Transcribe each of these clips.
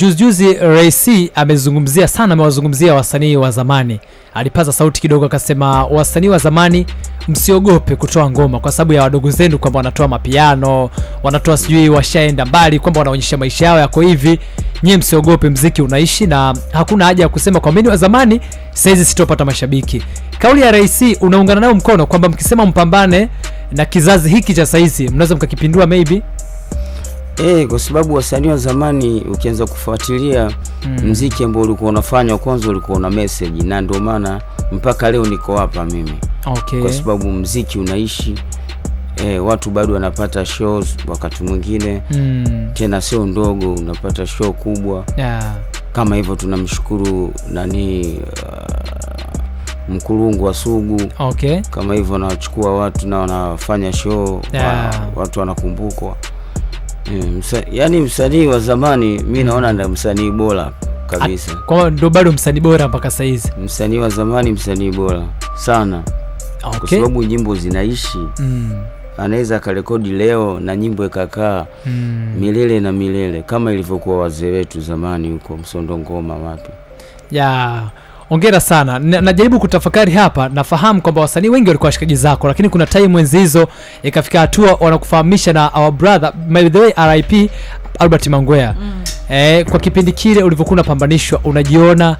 Juzijuzi Rais amezungumzia sana, amewazungumzia wasanii wa zamani, alipaza sauti kidogo akasema, wasanii wa zamani msiogope kutoa ngoma kwa sababu ya wadogo zenu, kwamba wanatoa mapiano, wanatoa sijui, washaenda mbali, kwamba wanaonyesha maisha yao yako hivi. Nyie msiogope, mziki unaishi na hakuna haja ya kusema kwa mimi wa zamani saizi sitopata mashabiki. Kauli ya Rais unaungana nayo mkono, kwamba mkisema mpambane na kizazi hiki cha saizi mnaweza mkakipindua maybe E, kwa sababu wasanii wa zamani ukianza kufuatilia mm. mziki ambao ulikuwa unafanywa kwanza ulikuwa una message, na ndio maana mpaka leo niko hapa mimi okay. Kwa sababu mziki unaishi e, watu bado wanapata shows wakati mwingine mm. tena sio ndogo, unapata show kubwa yeah. Kama hivyo tunamshukuru nani uh, Mkulungu wa Sugu okay. Kama hivyo anawachukua watu na wanafanya show yeah. wa, watu wanakumbukwa Eh, yani msanii wa zamani mi naona ndio msanii bora kabisa. Kwa ndo bado msanii bora mpaka sasa hizi. Msanii wa zamani msanii bora sana. Okay. Kwa sababu nyimbo zinaishi mm. Anaweza akarekodi leo na nyimbo ikakaa mm. milele na milele kama ilivyokuwa wazee wetu zamani huko Msondongoma wapi. Yeah. Ongera sana. Najaribu kutafakari hapa, nafahamu kwamba wasanii wengi walikuwa washikaji zako, lakini kuna time enzi hizo ikafika hatua wanakufahamisha na our brother, by the way, RIP Albert Mangwea. Mm. Eh, kwa kipindi kile ulivyokuwa unapambanishwa unajiona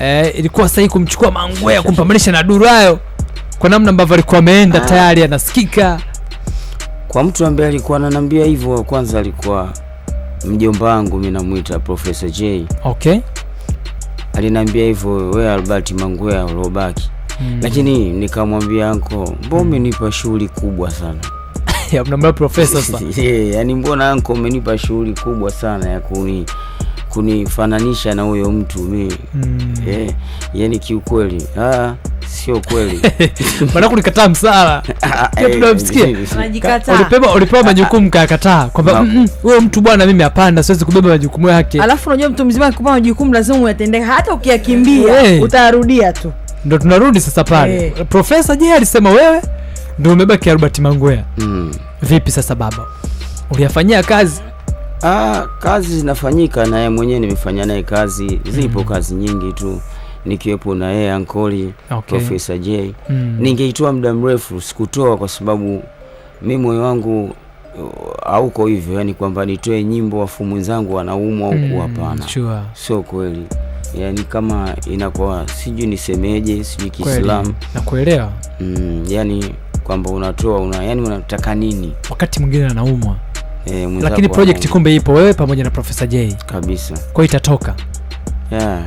eh, ilikuwa sahihi kumchukua Mangwea kumpambanisha na Durayo kwa namna ambavyo alikuwa ameenda ah. tayari anasikika. Kwa mtu ambaye alikuwa ananiambia hivyo, kwanza alikuwa mjomba wangu mimi namwita Professor J. Okay aliniambia hivyo, we Albert Mangwea uliobaki mm. Lakini nikamwambia anko, mbona mm. umenipa shughuli kubwa sana mnamwambia profesa sasa. Yeah, yani mbona anko umenipa shughuli kubwa sana ya kuni kunifananisha na huyo mtu mimi mm. Yeah, yani kiukweli ah sio kweli. Maana kulikataa msala. Ah, eh, Tunamsikia. Eh, eh, ulipewa ulipewa majukumu kayakataa kwamba mm, mm, huyo mtu bwana mimi hapanda siwezi kubeba majukumu yake. Alafu unajua mtu mzima akikupa majukumu lazima uyatendeka hata ukiyakimbia utarudia tu. Ndio tunarudi sasa pale. Profesa je, alisema wewe ndio umebaki Albert Mangwea. Mm. Vipi sasa baba? Uliyafanyia kazi? Ah, kazi zinafanyika naye mwenyewe nimefanya naye kazi. Zipo mm. kazi nyingi tu nikiwepo na yeye ankoli okay. Profesa J mm. Ningeitoa muda mrefu, sikutoa kwa sababu mi moyo wangu uh, hauko hivyo, yani kwamba nitoe nyimbo afu mwenzangu wanaumwa huku, mm, hapana sure. Sio kweli, yani kama inakuwa sijui nisemeje, sijui Kiislamu nakuelewa mm, yani kwamba unatoa una, yani unataka nini? Wakati mwingine anaumwa e, lakini project kumbe ipo, wewe pamoja na Profesa J kabisa, kwa itatoka yeah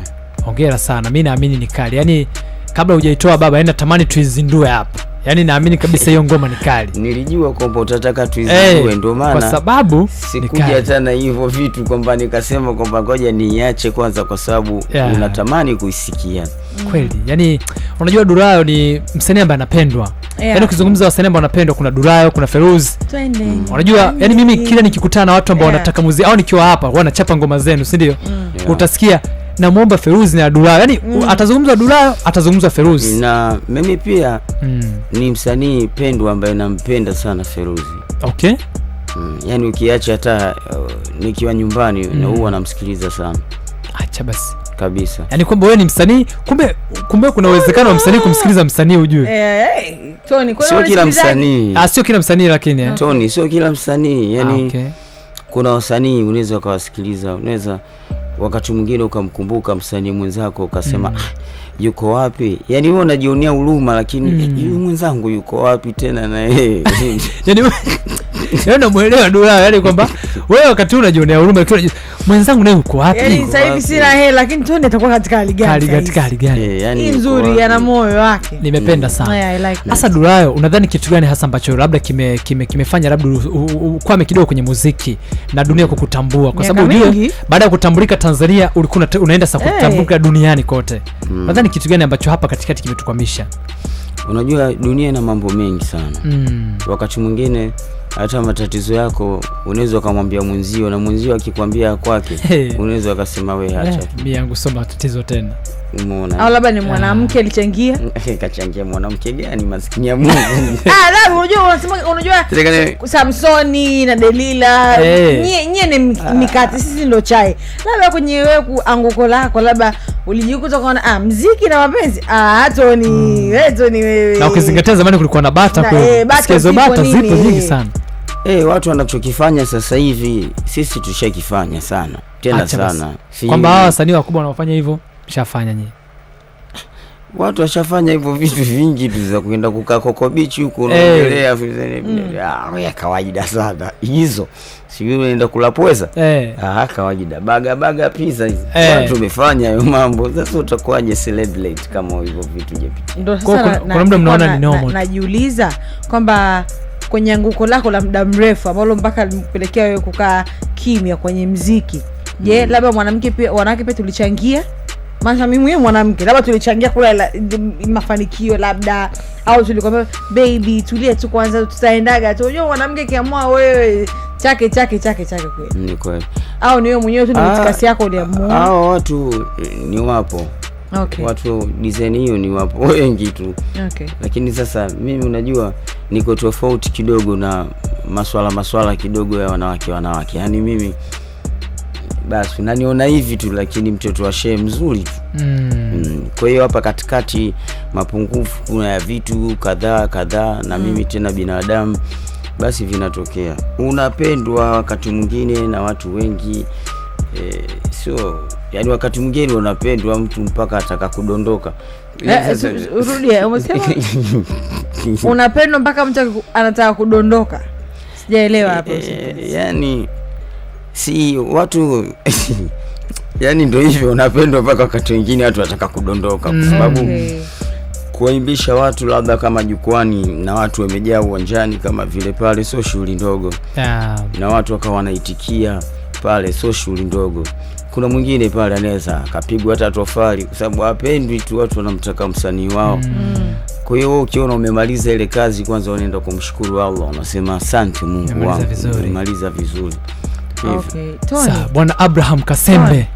hongera sana. Mi naamini ni kali, yaani kabla hujaitoa baba, yaani natamani tuizindue hapa, yaani naamini kabisa hiyo ngoma ni kali. Nilijua kwamba utataka tuizindue, eh, ndio maana kwa sababu sikuja tena hivyo vitu kwamba nikasema kwamba ngoja niiache kwanza, kwa sababu yeah. unatamani kuisikia kweli. Yaani unajua durayo ni msanii ambaye anapendwa Yeah. Yaani ukizungumza wasanii ambao wanapendwa kuna durayo kuna Feruz. Mm. Unajua, yani mimi kila nikikutana na watu ambao yeah. wanataka muziki au nikiwa hapa wanachapa ngoma zenu, si ndio? Mm. Yeah. Utasikia namwomba Feruzi na Dulaa, yani mm. atazungumza Dulaa, atazungumza Feruzi. Na mimi pia mm. ni msanii pendwa ambaye nampenda sana Feruzi. Okay. Mm, yani ukiacha hata uh, nikiwa nyumbani mm. na huwa namsikiliza sana. Acha basi kabisa. yani kwamba wewe ni msanii, kumbe kumbe kuna uwezekano wa msanii kumsikiliza msanii ujue. Eh, eh kwa sio kila msanii. Ah, sio kila msanii lakini. Okay. Eh. Tony, sio kila msanii. yani ah, okay. Kuna wasanii unaweza ukawasikiliza, unaweza wakati mwingine ukamkumbuka msanii mwenzako ukasema, mm. Ah, yuko wapi? Yani wewe unajionea huruma, lakini mm. Eh, yu mwenzangu yuko wapi tena na yeye yaani namwelewa Dulla, yani kwamba wewe wakati huu unajionea huruma, mwenzangu naye uko wapi? Yaani sasa hivi sina hela, lakini Tony atakuwa katika hali gani? Hali katika hali gani? Eh, yaani nzuri, ana moyo wake. Nimependa mm. sana. Sasa Dulla, unadhani kitu gani hasa ambacho labda kime kime kimefanya labda ukwame kidogo kwenye muziki na dunia mm. kukutambua? Kwa sababu ujue baada ya kutambulika Tanzania ulikuwa unaenda sasa kutambulika duniani kote. Mm. Nadhani kitu gani ambacho hapa katikati kimetukwamisha? Unajua dunia ina mambo mengi sana, wakati mwingine hata matatizo yako unaweza ukamwambia mwenzio, na mwenzio akikwambia kwake hey, unaweza ukasema we hacha eh, mimi yangu sio matatizo tena. Umeona, au labda ni ah. mwanamke alichangia. Eh, kachangia mwanamke gani? Maskini ya Mungu. Ah, unajua, unasema unajua Samsoni na Delila hey, eh. nyie nyie ni ah. mikati, sisi ndio chai. Labda kwenye wewe anguko lako labda ulijikuta kwa ah, mziki na mapenzi ah, toni mm. Hey, toni wewe, na ukizingatia zamani kulikuwa na bata kweli eh, bata zipo bata zipo nyingi sana eh, watu wanachokifanya sasa hivi sisi tushakifanya sana tena sana kwamba hawa wasanii wakubwa wanaofanya hivyo mshafanya nyinyi Watu washafanya hivyo vitu vingi tu za kuenda kukaa Koko Beach huko unaongelea hey. Eh. Mm. Ah, ya kawaida sana hizo, sijui unaenda kula pweza hey. Eh. Ah, kawaida baga baga pizza hizo hey. Eh. Watu wamefanya hayo mambo, sasa utakuwaje celebrate kama hivyo vitu jepi? Ndio sasa kuna muda mnaona ni normal, najiuliza kwamba kwenye anguko lako la muda mrefu ambalo mpaka limpelekea wewe kukaa kimya kwenye mziki, je, mm. labda mwanamke pia, wanawake pia tulichangia mwenyewe mwanamke, labda tulichangia kula la, mafanikio labda, au tulikwambia baby, tulie tu kwanza, tutaendaga tu. Unajua mwanamke kiamua wewe chake chake chake chake, kweli ni kweli, au ni wewe mwenyewe tu, ni ah, yako uliamua. Hao watu ni wapo Okay. Watu design hiyo ni wapo wengi tu okay. Lakini sasa mimi unajua niko tofauti kidogo na maswala maswala kidogo ya wanawake wanawake, yani mimi basi naniona hivi tu, lakini mtoto wa shehe mzuri tu mm. mm. Kwa hiyo hapa katikati mapungufu kuna ya vitu kadhaa kadhaa na mm. mimi tena binadamu basi vinatokea, unapendwa wakati mwingine na watu wengi e, sio yani, wakati mwingine unapendwa mtu mpaka ataka kudondoka. Eh, eh, rudi eh, umesema unapendwa mpaka mtu anataka kudondoka, sijaelewa e, hapo. E, yani si watu yani ndio hivyo, unapendwa mpaka wakati wengine watu wataka kudondoka kwa mm, sababu mm. kuwaimbisha watu labda kama jukwani na watu wamejaa uwanjani kama vile pale, sio shughuli ndogo yeah. Na watu wakawa wanaitikia pale, sio shughuli ndogo. Kuna mwingine pale anaweza akapigwa hata tofali, kwa sababu hapendwi tu, watu wanamtaka msanii wao mm. Kwa hiyo ukiona umemaliza ile kazi, kwanza unaenda kumshukuru Allah, unasema asante Mungu wangu, umemaliza vizuri, umemaliza vizuri. Okay, Bwana Abraham Kasembe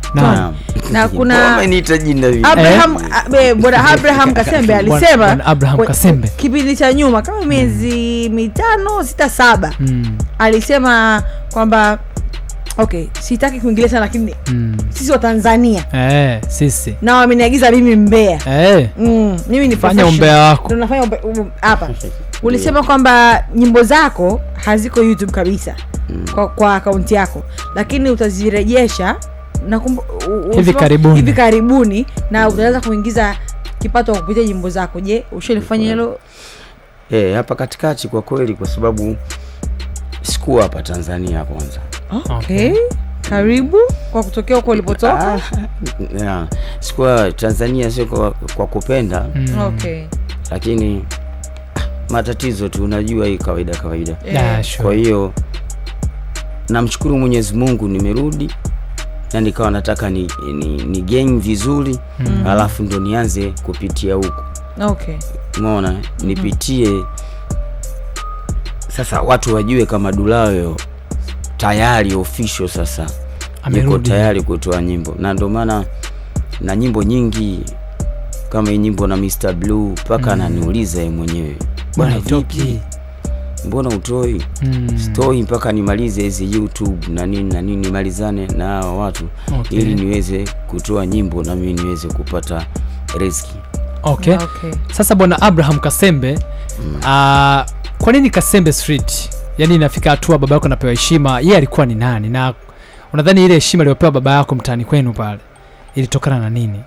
Abraham, Kasembe kipindi cha nyuma kama hmm. miezi mitano sita saba mm. alisema kwamba sitaki kuingilia sana lakini mm. sisi wa Tanzania eh, sisi na wameniagiza mimi mbea eh. mm, mimi nifanya umbea wako nafanya hapa ulisema kwamba nyimbo zako haziko YouTube kabisa mm. kwa, kwa akaunti yako lakini utazirejesha hivi, karibuni. karibuni na mm. utaweza kuingiza kipato kupitia jimbo zako je ushalifanya hilo hey, eh, hapa katikati kwa kweli kwa sababu sikuwa hapa tanzania kwanza okay. okay karibu kwa kutokea huko ulipotoka ah, yeah. sikuwa tanzania sio kwa, kwa kupenda mm. okay. lakini matatizo tu unajua hii kawaida kawaida yeah, sure. kwa hiyo namshukuru Mwenyezi Mungu nimerudi na nikawa nataka ni, ni, ni game vizuri mm. Alafu ndo nianze kupitia huko okay. mona mm -hmm. Nipitie sasa, watu wajue kama Dulayo tayari ofisho sasa niko tayari kutoa nyimbo, na ndio maana na nyimbo nyingi kama hii nyimbo na Mr Blue mpaka mm. ananiuliza mwenyewe bwana, vipi mbona utoi mm. Stoi mpaka nimalize hizi YouTube na nini na nini, nimalizane na hawa watu okay. Ili niweze kutoa nyimbo na mimi niweze kupata riziki okay. Okay. Sasa Bwana Abraham Kasembe mm. Uh, kwa nini Kasembe Street? Yaani inafika hatua baba yako anapewa heshima, yeye alikuwa ni nani? Na unadhani ile heshima aliyopewa baba yako mtaani kwenu pale ilitokana na nini?